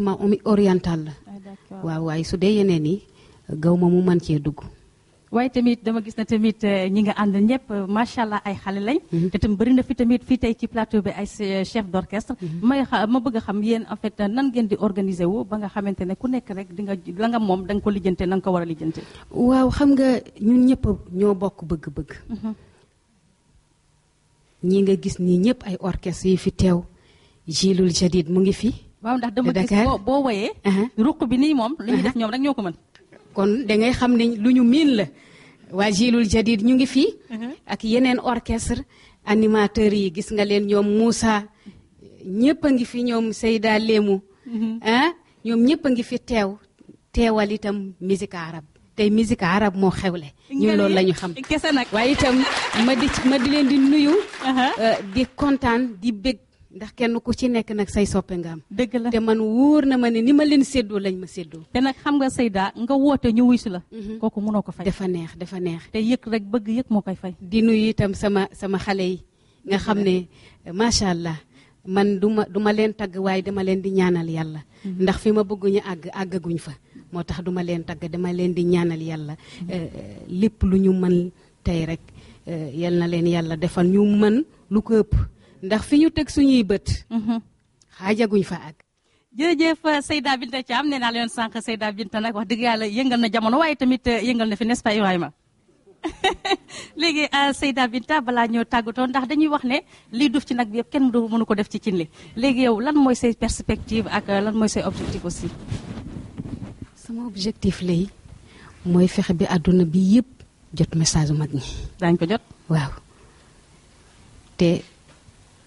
ma oriental la ah, waaw waaye su dee yeneen yi gaw ma mu man cee dugg waaye tamit dama gis na tamit eh, ñi nga ànd ñëpp macha allah ay xale lañ mhm. te tam bëri na fi tamit fii tey ci plateau bi ay eh, chef d'orchestre mhm. may ma bëgg a xam yéen en fait nan ngeen di organiser wu ba nga xamante ne ku nekk rek di nga la moom da nga ko lijjante na ko war a lijjante waaw xam nga ñun ñëpp ñoo bokk bëgg-bëgg mhm. ñi nga gis nii ñëpp ay orchestre yi fi teew Jilul Jadid mu waaw ndax dama gis boo boo woyee ruq bi nii moom lu ñuy def ñoom rek ñoo ko mën kon da ngay xam ne lu ñu miin la waa Jilul Jadid ñu ngi fii ak yeneen orchestre animateurs yi gis nga leen ñoom Moussa ñëpp a ngi fi ñoom Seyda Lému ah ñoom ñëpp ngi fi teew teewal itam musique arab tey musique arab moo xewle ñun loolu lañu xam kese nag waaye itam ma di leen di nuyu euh, di kontaan di bég ndax kenn ku ci nekk nag say soppe nga am. dëgg la te man wóor na ma ne ni ma leen séddoo lañ ma séddoo. te nag xam nga Seyda nga woote ñu wuy si la. Mhm. kooku mënoo ko fay. dafa neex dafa neex. te yëg rek bëgg yëg moo koy fay. di nuyu itam sama sama xale yi. nga xam ne macha allah man duma duma leen tagg waaye dama leen di ñaanal yàlla. Mhm. ndax fi ma bëgguñu àgg àggaguñ fa. moo tax duma leen tagg dama leen di ñaanal yàlla. Mhm. Eh, lépp lu ñu mën tey rek eh, yal na leen yàlla defal ñu mën lu ko ëpp. ndax fi ñu teg suñuy bët. Mhm. xaajaguñ fa àgg. jërëjëf euh, Seyda Binta Thiam nee naa leen sànq seydaa Binta nag wax dëgg yàlla yëngal na jamono waaye tamit euh, yëngal na fi n'est-ce pas Ibrahima. léegi euh, Seyda Binta balaa ñëw tàggatoo ndax dañuy wax ne lii duf ci nag bi yëpp kenn du mënu ko def ci cin li léegi yow lan mooy say perspective ak lan mooy say objectif aussi. sama objectif lay mooy fexe bi àdduna bi yëpp jot message mag ñi. daañu ko jot waaw. te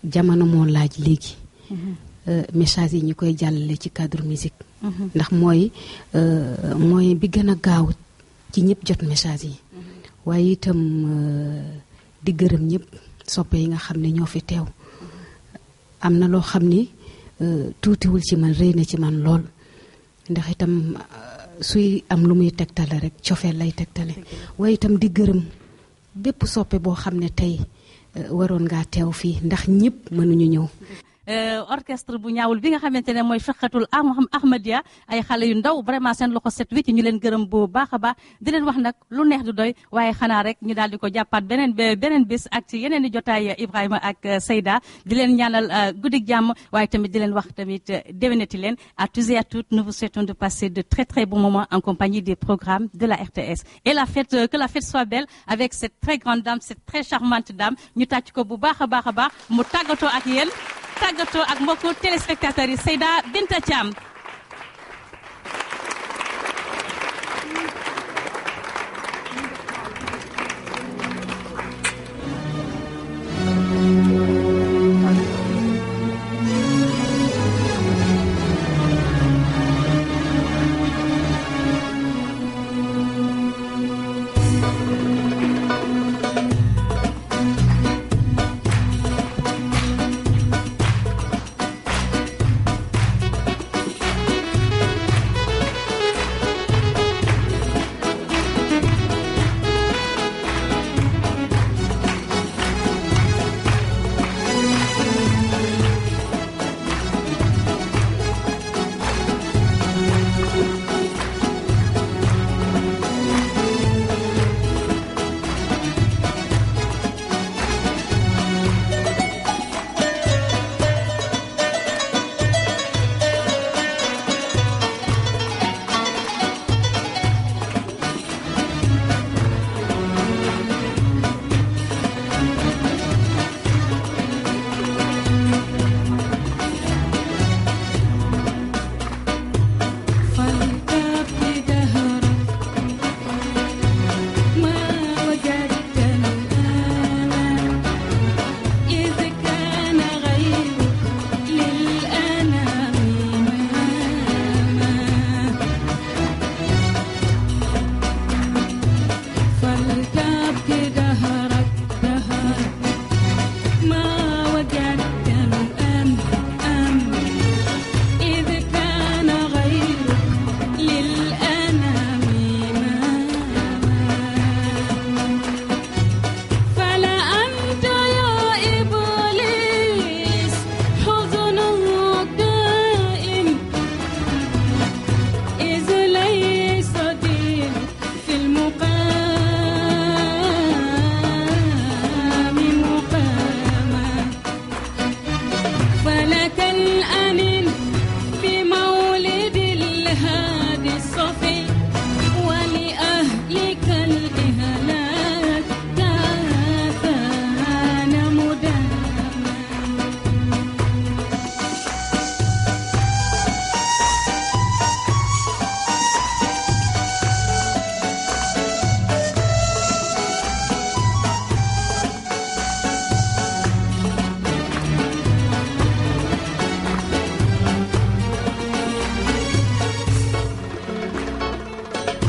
jamono moo laaj léegi mhm. euh, message yi ñu koy jàllale ci cadre musique mhm. ndax mooy euh, mooy bi gën a gaaw ci ñëpp jot message yi mhm. waaye itam euh, di gërëm ñëpp soppe yi nga xam ne ñoo fi teew am na loo xam ni tuutiwul ci man rëy na ci man lool ndax itam suy am lu muy tegtale rek cofeel lay tegtale waaye itam di gërëm bépp soppe boo xam ne tey waroon ngaa teew fii ndax ñëpp mënuñu ñëw Euh, orchestre bu ñaawul bi nga xamante ne mooy fiqatul ahmadia ay xale yu ndaw vraiment seen loxo set wicc ñu leen gërëm bu baax a baax di leen wax nag lu neex du doy waaye xanaa rek ñu daal di ko jàppaat beneen beneen bis ak ci yeneen i jotaay Ibrahima ak euh, Seyda di leen ñaanal euh, guddig jàmm waaye tamit di leen wax tamit déwénati leen à tous et à toutes nous vous souhaitons de passer de très très bons moments en compagnie des programmes de la RTS et la fête que la fête soit belle avec cette très grande dame cette très charmante dame ñu tàcc ko bu baax a baax a mu tàggatoo ak yéen tàggatoo ak mbokku téléspectateurs yi Seyda Binta Thiam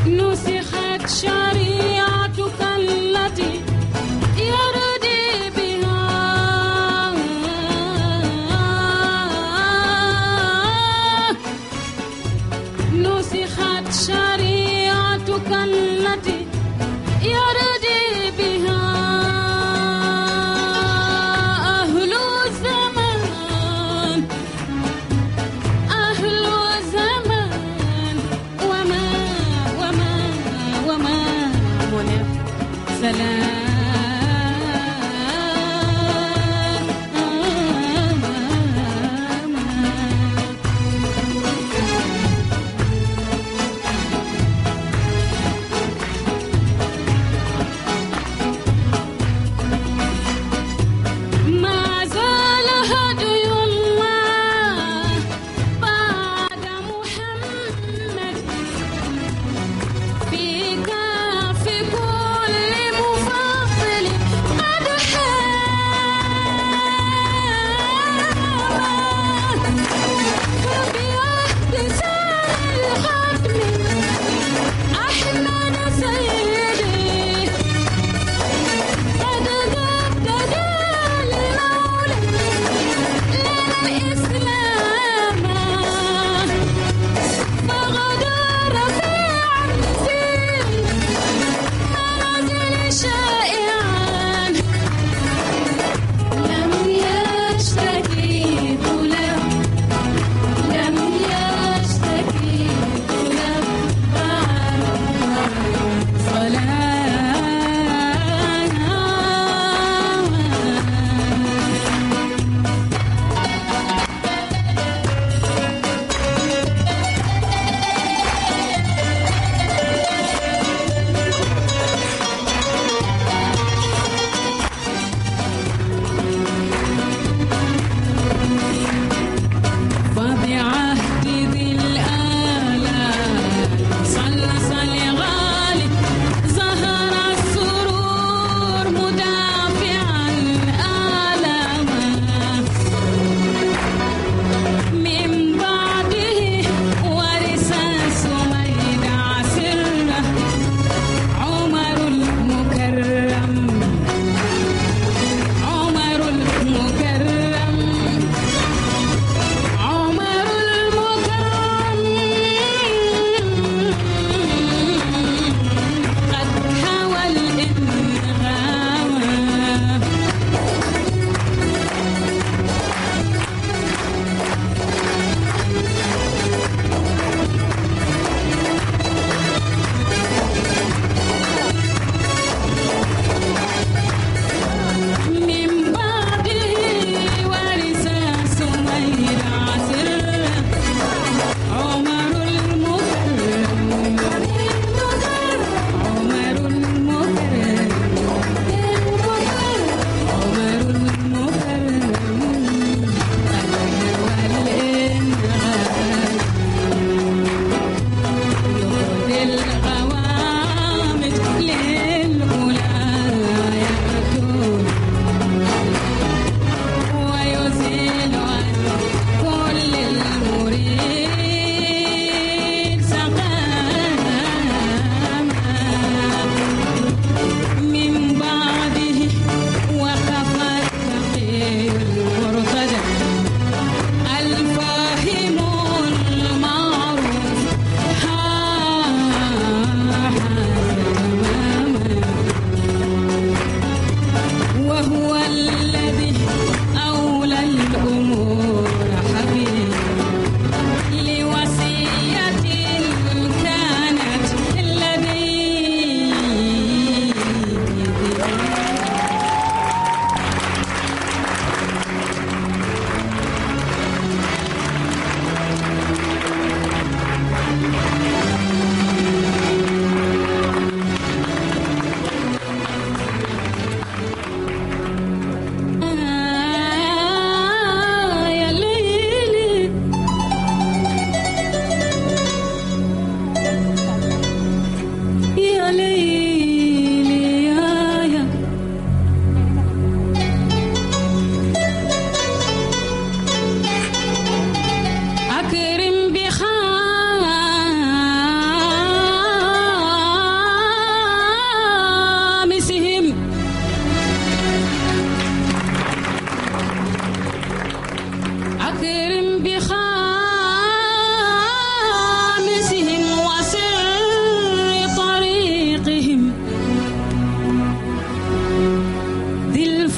نسخت شريعة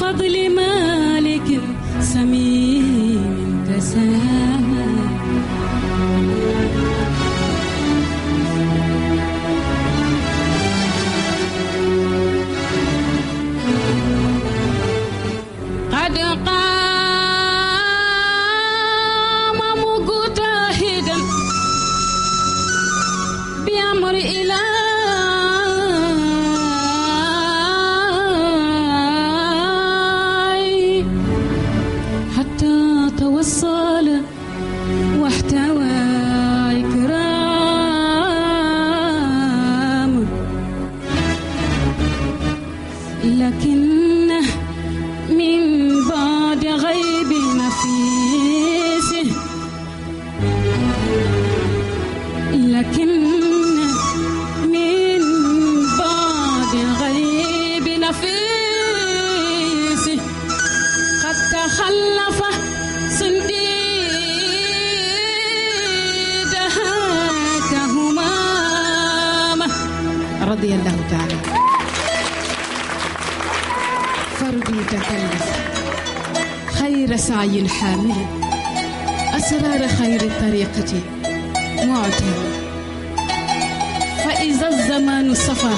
Fadlima حاملا أسرار خير الطريقة معتم فإذا الزمان صفى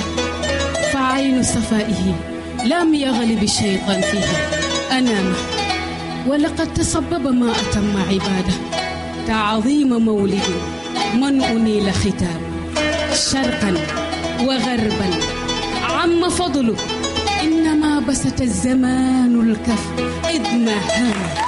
فعين صفائه لم يغلب الشيطان فيه أنام ولقد تسبب ما أتم عباده تعظيم مولد من أنيل ختام شرقا وغربا عم فضله إنما بسط الزمان الكف إذ ما هام